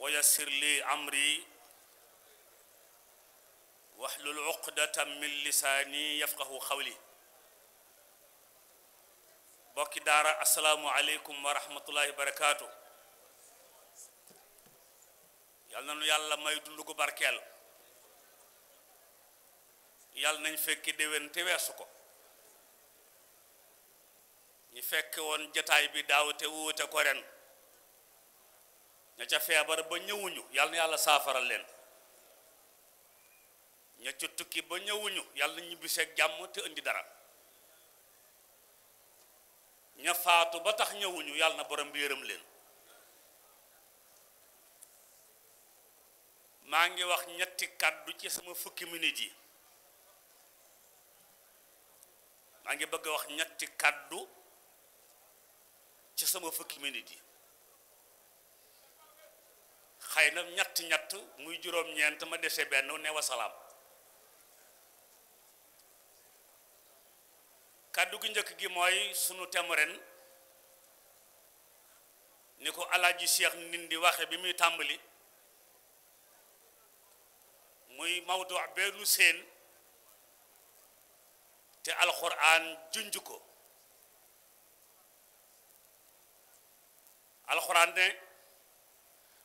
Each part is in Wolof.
wa yassir li amri wahlul uqdatan min lisaani yafqahu xawli bokki daara asalaamu aleykum wa barakaatu yal na nu yàlla may dund gu barkeel yal nañ fekki déwén te weesu ko ñu fekk woon jataay bi daaw te wuute ko ña ca feebar ba ñëwuñu yàlla yàlla saafara leen ña ca tukki ba ñëwuñu yàlla na ñibbiseeg jàmm te indi dara ña faatu ba tax ñëwuñu yàlla na borom bi yërëm leen maa ngi wax ñetti kàddu ci sama fukki minit yi maa ngi bëgg a wax ñetti kàddu ci sama fukki minit yi xay na ñett ñett muy juróom-ñeent ma dese benn ne wasalaam kàddu gi njëkk gi mooy sunu thème ren ni ko alaaji Cheikh Ndindi waxe bi muy tàmbali muy mawdu beelu seen te alxuraan junj ko alxuraan ne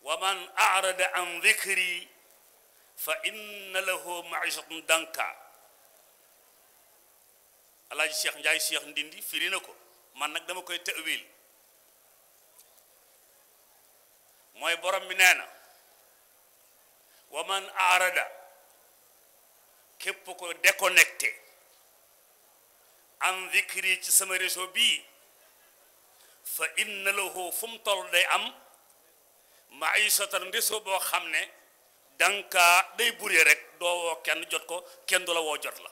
wa man arada an dikri fa inna lahu maishatan danka alaaji cheikh njaay cheikh ndindi firi ko man nag dama koy tawil mooy borom bi nee na wa man arada képp ko déconnecté an dikri ci sama réseau bi fa inna lahu fu mu toll day am maïsatan réseau boo xam ne danga day buree rek doo woo kenn jot ko kenn du la woo jot la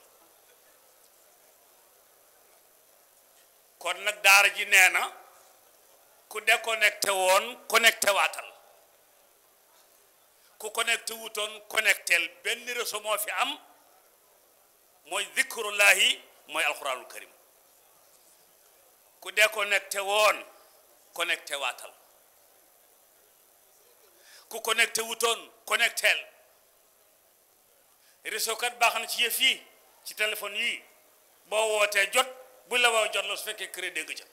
kon nag daara ji nee na ku déconnecté woon connecté waatal ku connecté wutoon connecteel benn réseau moo fi am mooy zikrullahi mooy alquranul karim ku déconnecté woon connecté waatal ku connecté wutoon connecteel réseau kat baax na ci yëf yi ci téléphone yi boo wootee jot bu la woo jot la su fekkee crédit nga ca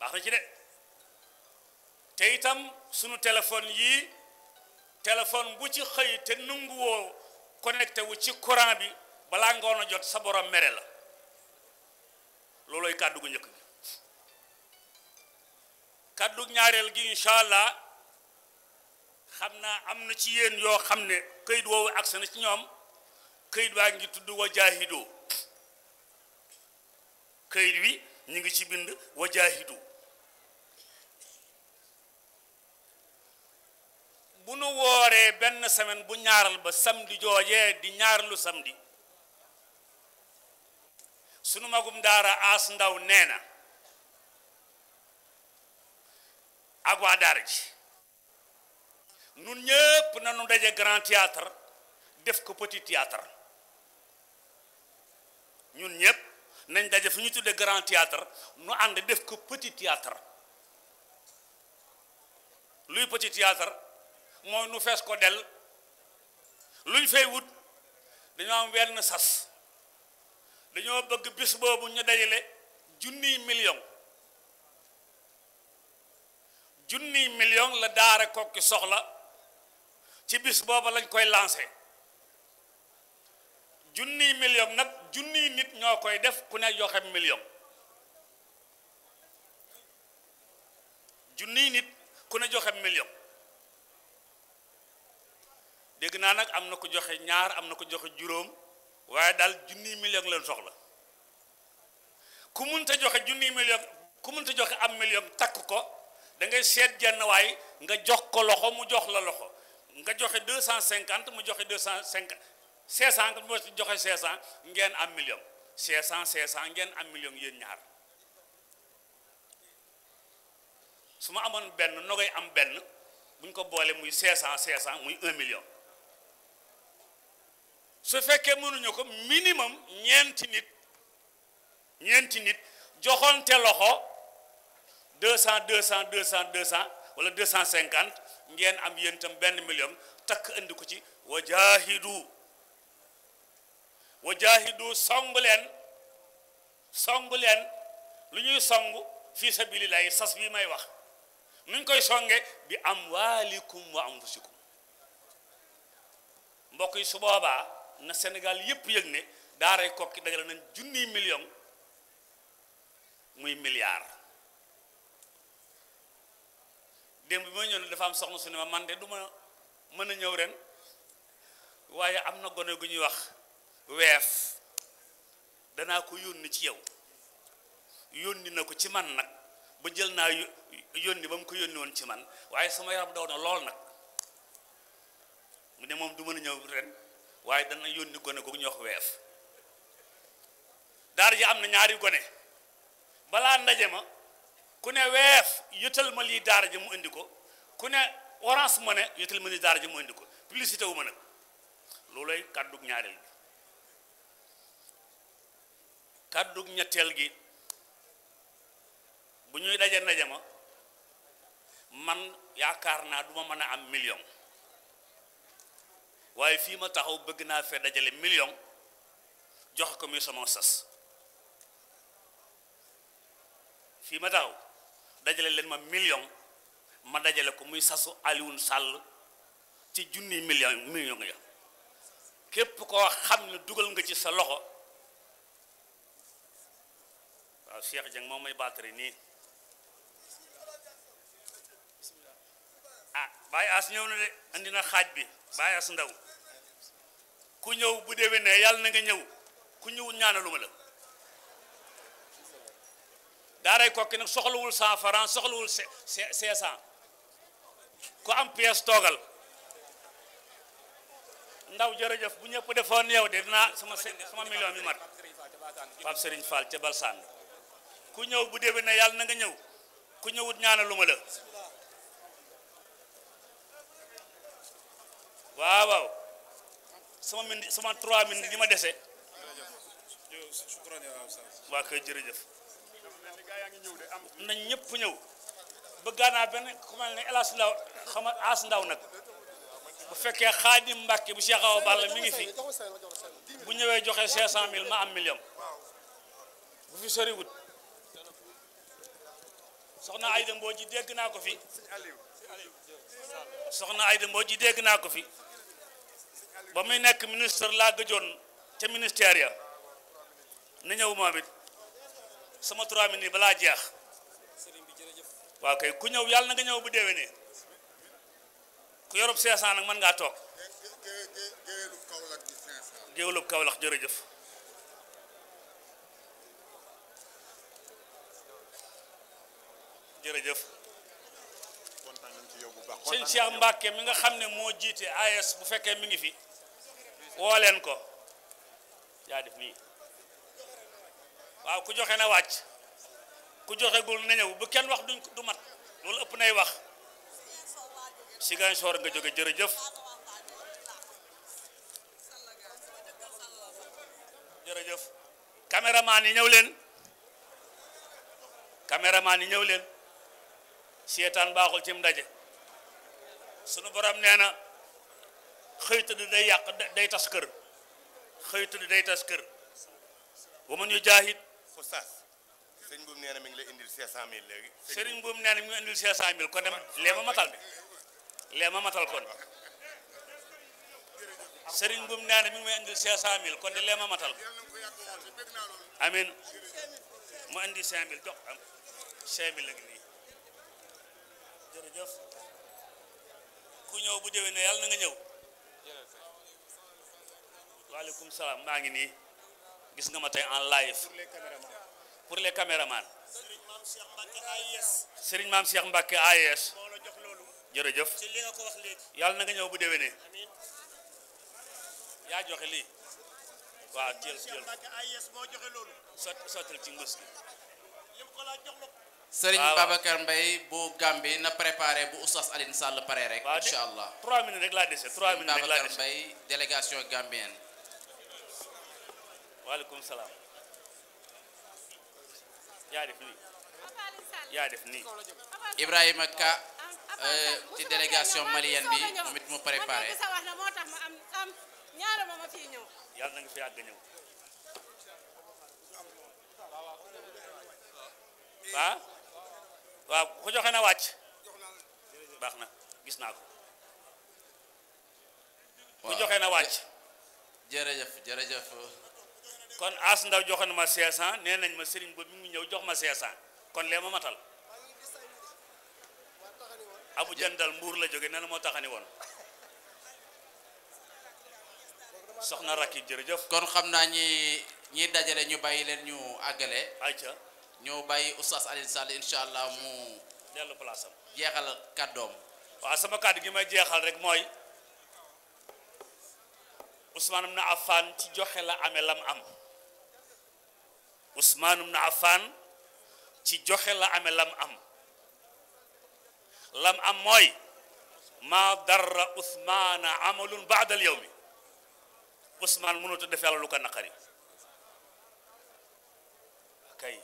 baax na ci de te itam sunu téléphone yi téléphone bu ci xëy te nanguwoo connecté wu ci courant bi balaa ngoon a jot sa borom mere la loolooy kàddu gu njëkk bi kaddu ñaareel gi incha allah xam naa am na ci yéen yoo xam ne këyit woowu ak na ci ñoom këyit waa ngi tudd wajaahidu këyit wi ñu ngi ci bind wajaahidu bu nu wooree benn semaine bu ñaaral ba samedi joojee di ñaarlu samedi sunu magum daara aas ndaw nee na ak waa daara ji nun ñëpp nañu daje grand théâtre def ko petit théâtre ñun ñëpp nañ daje fu ñu tuddee grand théâtre nu ànd def ko petit théâtre luy petit théâtre mooy nu fees ko del luñ fay wut dañoo am wenn sas dañoo bëgg bis boobu ñu dajale junniy million junniy million la daara kokki soxla ci bis booba lañ koy lancé junniy million nag junniy nit ñoo koy def ku ne joxe million junniy nit ku ne joxe million dégg naa nag am na ko joxe ñaar am na ko joxe juróom waaye daal junniy million leen soxla ku munta joxe junniy million ku munta joxe am million takk ko da ngay seet jenn waay nga jox ko loxo mu jox la loxo nga joxe deux cent cinquante mu joxe deux cent cinquante cinq cent mu joxe cinq cent ngeen am million cinq cent cinq cent ngeen am million yéen ñaar su ma amoon benn nogay am benn bu ko boole muy cinq cent cinq cent muy un million su fekkee mënuñu ko minimum ñeenti nit ñeenti nit joxonte loxo deux cent deux cent deux cent deux wala deux cent cinquante ngeen am yéen benn million takk indi ko ci wajaahidu wajaahidu song leen song leen lu ñuy song fii sabilillahi sas bi may wax nuñ koy songe bi am wa anfusikum mbokk yi su boobaa na Sénégal yépp yëg ne daaray kokki dagale nañ junniy million muy milliard démb bi ma ñëw ne dafa am soxna su ne ma man de du ma mën a ñëw ren waaye am na gone gu ñuy wax weef danaa ko yónni ci yow yónni na ko ci man nag ba jël naa yónni ba mu ko yónni woon ci man waaye sama yaram daw na lool nag mu ne moom du mën a ñëw ren waaye dana yónni gone gu ñuy wax weef daara ji am na ñaari gone balaa ndaje ma ku ne weef yëtal ma lii daara ji mu indi ko ku ne orange ma ne yëtal ma lii daara ji mu indi ko publicité wu ma nag looloy kàddug ñaareel gi kàddug ñetteel gi bu ñuy daje ndaje ma man yaakaar naa duma mën a am million waaye fii ma taxaw bëgg naa fee dajale million jox ko muy sama sas fii ma taxaw dajale leen ma million ma dajale ko muy sasu Alioune sàll ci junni million million ya képp koo xam ne dugal nga ci sa loxo waaw Cheikh Dieng moom may batterie nii ah Baye As ñëw na de andi na xaaj bi Baye As ndaw ku ñëw bu déwénee yàlla na nga ñëw ku ñëw ñaanaluma la daaray kokki nag soxlawul cent franc soxlawul cinq cent ku am pièce toogal ndaw jërëjëf bu ñëpp defoon yow de dinaa sama sama million bi mat Pape Serigne Fall ca Balsaan ku ñëw bu déwé ne yàlla na nga ñëw ku ñëwut ñaana lu ma la waaw waaw sama mindi sama trois minutes li ma dese waa kay jërëjëf na ñëpp ñëw bëggaa naa benn ku mel ne Ndaw xam nga As Ndaw nag bu fekkee Xaadim Mbàkke bu Cheikh Awa Balla mi ngi fi bu ñëwee joxe 500000 ma am million bu fi soriwut soxna Ayda Mbodj ji dégg naa ko fi soxna Ayda Mbodj ji dégg naa ko fi ba muy nekk ministre laa gëjoon ca ministère ya na ñëw moom sama trois minutes yi balaa jeex waaw kay ku ñëw yàlla na nga ñëw bu déwénee ku yorub 500 nag mën ngaa toog géwélub Kawlax jërëjëf jërëjëf sëñ Cheikh Mbacke mi nga xam ne moo jiite AS bu fekkee mi ngi fi wooleen ko yaa def waaw ku joxe na wàcc ku joxe joxegul na ñëw bu kenn wax duñ du mat loolu ëpp nay wax Ziguinchor nga jóge jërëjëf jërëjëf caméraman yi ñëw leen caméraman yi ñëw leen seetaan baaxul ci ndaje sunu borom nee na xëy day yàq day tas kër xëy tëdd day tas kër wa man yu jaahid oustaz sëñ Mboum mi ngi la indil 500000 léegi. sëriñ Mboum nee na mi ngi indil 500000 kon dem lee ma matal de lee ma matal kon sëriñ Mboum nee na mi ngi may indil 500000 kon de lee matal amin mu indi 5000 jox am 5000 la nii jërëjëf ku ñëw bu déwénee yàlla na nga ñëw. waaleykum salaam maa ngi nii. gis nga ma tey en live pour les caméramans sëriñ maam Cheikh Mbacke AES jërëjëf yàlla na nga ñëw bu déwénee yaa joxe lii waaw jël jël sot sotal ci mbës gi sëriñ Babacar bu Gambie na préparé bu Oustaz Alioune Sall pare rek incha allah 3 minutes rek laa dese 3 minutes rek laa dese Babacar waaleykum salaam yaa def nii yaa def nii Ibrahima Ka ah, ah, ah, euh, ci délégation malienne bi moom it mu préparé yàlla na nga fi yàgg ñëw waaw waaw ko joxe na wàcc baax na gis naa ko ku joxe na wàcc jërëjëf jërëjëf kon as ndaw joxoon na ma 500 nee nañ ma sëriñ boobu mi ñëw jox ma 500 kon lee ma matal abu jandal mbuur la jóge nee na moo taxani woon soxna rakki jërëjëf kon xam naa ñi ñi dajale ñu bàyyi leen ñu àggale ayca ñu bàyyi oustaz Alioune Sall allah mu dellu place jeexal kàddoom waaw sama kàddu gi may jeexal rek mooy Ousmane ibn Affan ci joxe la amee lam am Ousmane ibn ci joxe la amee lam am lam am mooy maa darra Ousmane amalun def yàlla lu ko naqari kay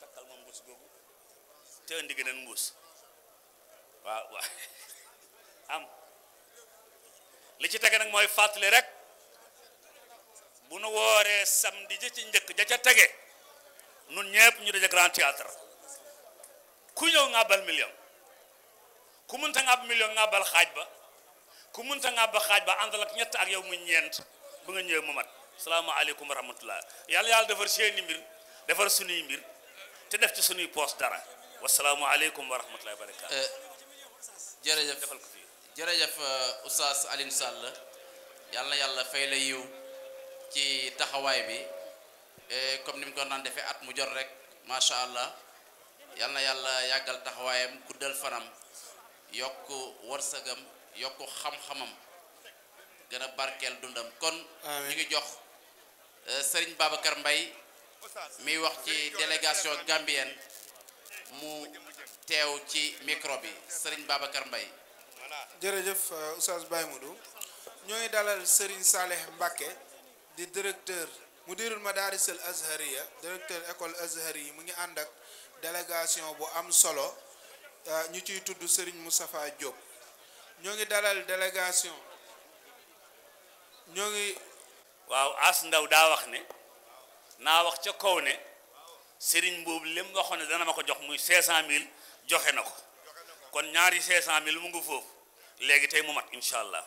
takkal ma mbuus googu te indi geneen mbuus li ci tege nag mooy fàttali rek bu nu wooree samedi ja ci njëkk ja ca tege nun ñëpp ñu daje grand théâtre ku ñëw ngàbbal million ku mënta ngàbb xaaj ba ku mënta ngàbb xaaj ba àndal ak ñett ak yow mu ñeent bu nga ñëwee mu mat salaamaaleykum wa rahmatullah yàlla yàlla defar seeni mbir defar sunuy mbir te def ci sunuy poos dara wasalaamualeykum wa rahmatullah wa barakaatu. Eh, defal ko fii jërëjëf eh, Oustaz Alioune Sall yàlla na yàlla fay la yiw. ci taxawaay bi e, comme ni mu ko naan defee at mu jot rek macha allah yal na yàlla yàggal taxawaayam guddal fanam yokk wërsëgam yokk xam-xamam gën barkeel dundam kon. mu ngi jox e, sëriñ Babacar Mbaye muy wax ci délégation gambienne mu teew ci micro bi sëriñ Babacar mbay di directeur mudirul madaris al azhariya directeur école azhari yi mu ngi ànd ak délégation bu am solo euh, ñu ciy tudd Serigne Moustapha Diop ñoo ngi dalal délégation ñoo ngi waaw as ndaw daa wax ne naa wax ca kaw ne Serigne boobu lim waxoon ne dana ma ko jox muy mille joxe na ko kon ñaari 500000 mu ngi foofu léegi tey mu mat incha allah.